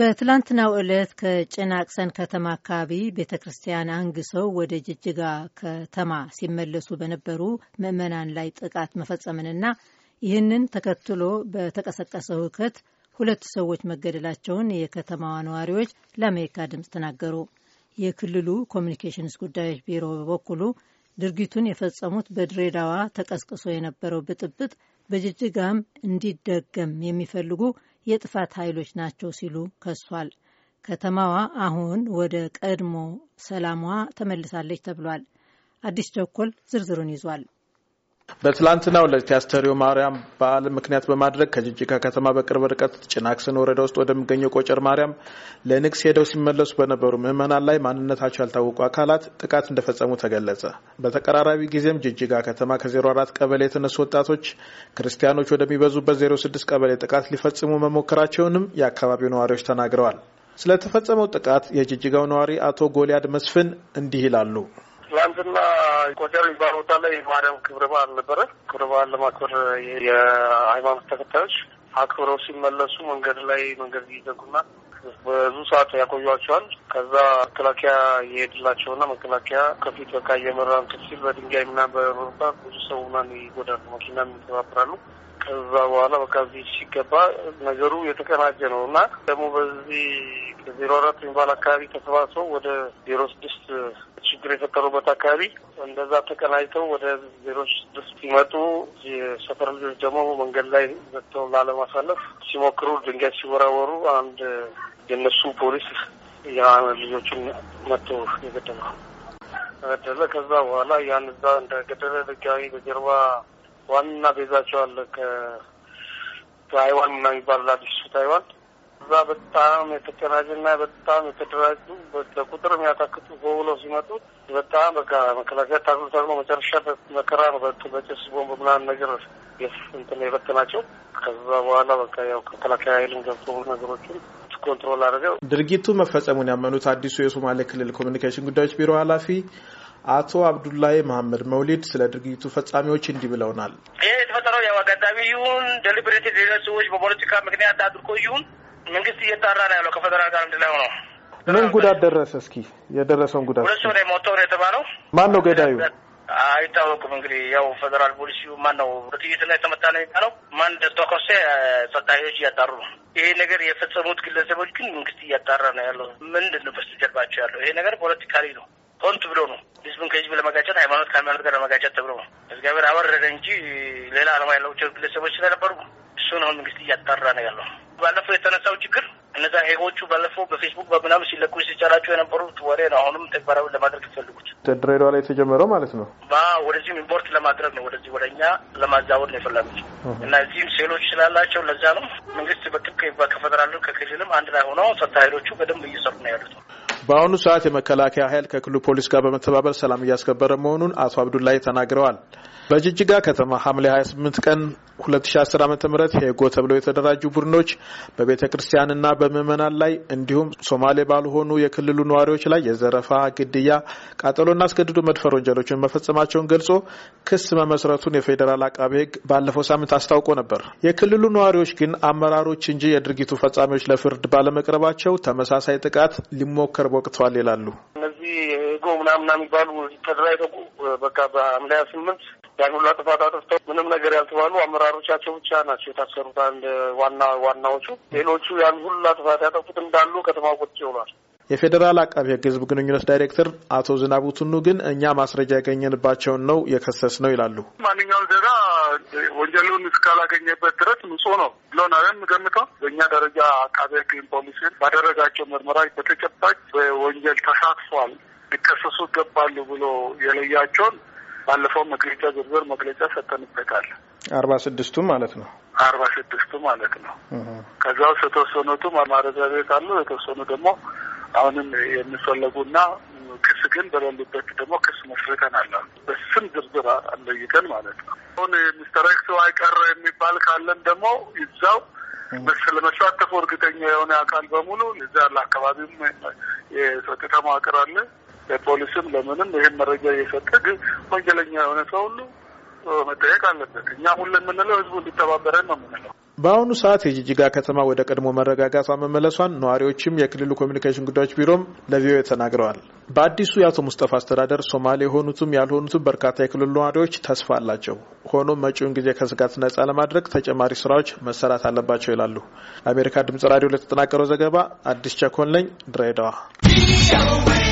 በትላንትናው ዕለት ከጭናቅሰን ከተማ አካባቢ ቤተ ክርስቲያን አንግሰው ወደ ጅጅጋ ከተማ ሲመለሱ በነበሩ ምዕመናን ላይ ጥቃት መፈጸምንና ይህንን ተከትሎ በተቀሰቀሰው ውከት ሁለት ሰዎች መገደላቸውን የከተማዋ ነዋሪዎች ለአሜሪካ ድምፅ ተናገሩ። የክልሉ ኮሚኒኬሽንስ ጉዳዮች ቢሮ በበኩሉ ድርጊቱን የፈጸሙት በድሬዳዋ ተቀስቅሶ የነበረው ብጥብጥ በጅጅጋም እንዲደገም የሚፈልጉ የጥፋት ኃይሎች ናቸው ሲሉ ከሷል። ከተማዋ አሁን ወደ ቀድሞ ሰላሟ ተመልሳለች ተብሏል። አዲስ ቸኮል ዝርዝሩን ይዟል። በትላንትናው ዕለት የአስተርእዮ ማርያም በዓል ምክንያት በማድረግ ከጅጅጋ ከተማ በቅርብ ርቀት ጭናክስን ወረዳ ውስጥ ወደሚገኘው ቆጨር ማርያም ለንግስ ሄደው ሲመለሱ በነበሩ ምዕመናን ላይ ማንነታቸው ያልታወቁ አካላት ጥቃት እንደፈጸሙ ተገለጸ። በተቀራራቢ ጊዜም ጅጅጋ ከተማ ከ04 ቀበሌ የተነሱ ወጣቶች ክርስቲያኖች ወደሚበዙበት 06 ቀበሌ ጥቃት ሊፈጽሙ መሞከራቸውንም የአካባቢው ነዋሪዎች ተናግረዋል። ስለተፈጸመው ጥቃት የጅጅጋው ነዋሪ አቶ ጎልያድ መስፍን እንዲህ ይላሉ። ትላንትና ጎጃም የሚባል ቦታ ላይ ማርያም ክብረ በዓል ነበረ። ክብረ በዓል ለማክበር የሃይማኖት ተከታዮች አክብረው ሲመለሱ መንገድ ላይ መንገድ ይዘጉና ብዙ ሰዓት ያቆዩቸዋል። ከዛ መከላከያ የሄድላቸውና መከላከያ ከፊት በቃ እየመራን ሲል በድንጋይ ምናምን በመርታት ብዙ ሰው ምናምን ይጎዳሉ፣ መኪና ይተባብራሉ። ከዛ በኋላ በቃ እዚህ ሲገባ ነገሩ የተቀናጀ ነው እና ደግሞ በዚህ ዜሮ አራት የሚባል አካባቢ ተሰባስበው ወደ ዜሮ ስድስት ችግር የፈጠሩበት አካባቢ እንደዛ ተቀናጅተው ወደ ዜሮ ስድስት ሲመጡ የሰፈር ልጆች ደግሞ መንገድ ላይ ዘግተው ላለማሳለፍ ሲሞክሩ ድንጋይ ሲወራወሩ አንድ የነሱ ፖሊስ ልጆቹን መጥቶ የገደለ ገደለ። ከዛ በኋላ ያን እዛ እንደገደለ ድጋሚ በጀርባ ዋና ቤዛቸው አለ ከታይዋን ና የሚባል አዲሱ ታይዋን እዛ በጣም ና በጣም የተደራጁ በቁጥር የሚያታክቱ ጎብሎ ሲመጡ በጣም በቃ መከላከያ ታግሎ ታግሎ መጨረሻ መከራ ነው። በጭስ ቦምብ ምናምን ነገር እንትን የበተናቸው። ከዛ በኋላ በቃ ያው መከላከያ ኃይልን ገብቶ ነገሮችን ኮንትሮል አድርገው ድርጊቱ መፈጸሙን ያመኑት አዲሱ የሶማሌ ክልል ኮሚኒኬሽን ጉዳዮች ቢሮ ኃላፊ አቶ አብዱላይ መሀመድ መውሊድ ስለ ድርጊቱ ፈጻሚዎች እንዲህ ብለውናል። ይህ የተፈጠረው ያው አጋጣሚ ይሁን ደሊብሬት የሌለ ሰዎች በፖለቲካ ምክንያት አድርጎ ይሁን መንግስት እየጣራ ነው ያለው ከፌደራል ጋር አንድ ነው ምን ጉዳት ደረሰ? እስኪ የደረሰውን ጉዳት ሁለት ሰው ላይ ሞተው ነው የተባለው። ማን ነው ገዳዩ? አይታወቅም። እንግዲህ ያው ፌደራል ፖሊሲ ማን ነው በጥይት ላይ ተመታ ነው የሚባለው ማን እንደተኮሰ ጸጥታዎች እያጣሩ ነው። ይሄ ነገር የፈጸሙት ግለሰቦች ግን መንግስት እያጣራ ነው ያለው። ምንድን ነው በስተጀርባቸው ያለው? ይሄ ነገር ፖለቲካሊ ነው። ሆን ብሎ ነው ህዝብን ከህዝብ ለመጋጨት ሃይማኖት ከሃይማኖት ጋር ለመጋጨት ተብሎ ነው። እግዚአብሔር አወረደ እንጂ ሌላ አለማ ያላቸው ግለሰቦች ስለነበሩ እሱን አሁን መንግስት እያጣራ ነው ያለው። ባለፈው የተነሳው ችግር እነዛ ሄጎቹ ባለፈው በፌስቡክ በምናምን ሲለቁ ሲጫራቸው የነበሩት ወሬ ነው። አሁንም ተግባራዊ ለማድረግ ይፈልጉት ድሬዳዋ ላይ የተጀመረው ማለት ነው። ወደዚህም ኢምፖርት ለማድረግ ነው፣ ወደዚህ ወደ እኛ ለማዛወር ነው የፈለጉት እና እዚህም ሴሎች ስላላቸው ለዛ ነው መንግስት በጥብቅ ከፌደራሉ ከክልልም አንድ ላይ ሆነው ጸጥታ ኃይሎቹ በደንብ እየሰሩ ነው ያሉት። በአሁኑ ሰዓት የመከላከያ ኃይል ከክልሉ ፖሊስ ጋር በመተባበር ሰላም እያስከበረ መሆኑን አቶ አብዱላይ ተናግረዋል። በጅጅጋ ከተማ ሐምሌ 28 ቀን 2010 ዓ ም ሄጎ ተብለው የተደራጁ ቡድኖች በቤተ ክርስቲያንና በምዕመናን ላይ እንዲሁም ሶማሌ ባልሆኑ የክልሉ ነዋሪዎች ላይ የዘረፋ፣ ግድያ፣ ቃጠሎና አስገድዶ መድፈር ወንጀሎችን መፈጸማቸውን ገልጾ ክስ መመስረቱን የፌዴራል አቃቤ ሕግ ባለፈው ሳምንት አስታውቆ ነበር። የክልሉ ነዋሪዎች ግን አመራሮች እንጂ የድርጊቱ ፈጻሚዎች ለፍርድ ባለመቅረባቸው ተመሳሳይ ጥቃት ሊሞከር ወቅተዋል ይላሉ። እነዚህ ጎ ምናምና የሚባሉ ተደራጅተው በቃ በሐምሌ ሀያ ስምንት ያን ሁላ ጥፋት አጥፍተው ምንም ነገር ያልተባሉ አመራሮቻቸው ብቻ ናቸው የታሰሩት። አንድ ዋና ዋናዎቹ ሌሎቹ ያን ሁላ ጥፋት ያጠፉት እንዳሉ ከተማ ቁጭ ብሏል። የፌዴራል አቃቢ ህግ ህዝብ ግንኙነት ዳይሬክተር አቶ ዝናቡ ቱኑ ግን እኛ ማስረጃ ያገኘንባቸውን ነው የከሰስ ነው ይላሉ። ማንኛውም ዜጋ ወንጀሉን እስካላገኘበት ድረስ ንጹሕ ነው ብሎን አለን የምገምተው በእኛ ደረጃ አቃቢ ሕግ ፖሊሲ ባደረጋቸው ምርመራ በተጨባጭ በወንጀል ተሳትፏል ሊከሰሱ ይገባሉ ብሎ የለያቸውን ባለፈው መግለጫ ዝርዝር መግለጫ ሰጠንበታል። አርባ ስድስቱ ማለት ነው አርባ ስድስቱ ማለት ነው። ከዛ ውስጥ የተወሰኑቱ ማረሚያ ቤት አሉ፣ የተወሰኑ ደግሞ አሁንም የሚፈለጉና ክስ ግን በሌሉበት ደግሞ ክስ መስርተናል። በስም ዝርዝር አለይተን ማለት ነው። አሁን ሚስተር ኤክስ አይቀር የሚባል ካለን ደግሞ ይዛው ለመሳተፉ እርግጠኛ የሆነ አካል በሙሉ እዛ ያለ አካባቢም የጸጥታ መዋቅር አለ፣ ለፖሊስም ለምንም ይህን መረጃ እየሰጠ ግን ወንጀለኛ የሆነ ሰው ሁሉ መጠየቅ አለበት። እኛ ሁሉ የምንለው ህዝቡ እንዲተባበረን ነው የምንለው። በአሁኑ ሰዓት የጂጂጋ ከተማ ወደ ቀድሞ መረጋጋቷ መመለሷን ነዋሪዎችም የክልሉ ኮሚኒኬሽን ጉዳዮች ቢሮም ለቪኦኤ ተናግረዋል። በአዲሱ የአቶ ሙስጠፋ አስተዳደር ሶማሌ የሆኑትም ያልሆኑትም በርካታ የክልሉ ነዋሪዎች ተስፋ አላቸው። ሆኖም መጪውን ጊዜ ከስጋት ነጻ ለማድረግ ተጨማሪ ስራዎች መሰራት አለባቸው ይላሉ። ለአሜሪካ ድምጽ ራዲዮ ለተጠናቀረው ዘገባ አዲስ ቸኮን ነኝ ድሬዳዋ።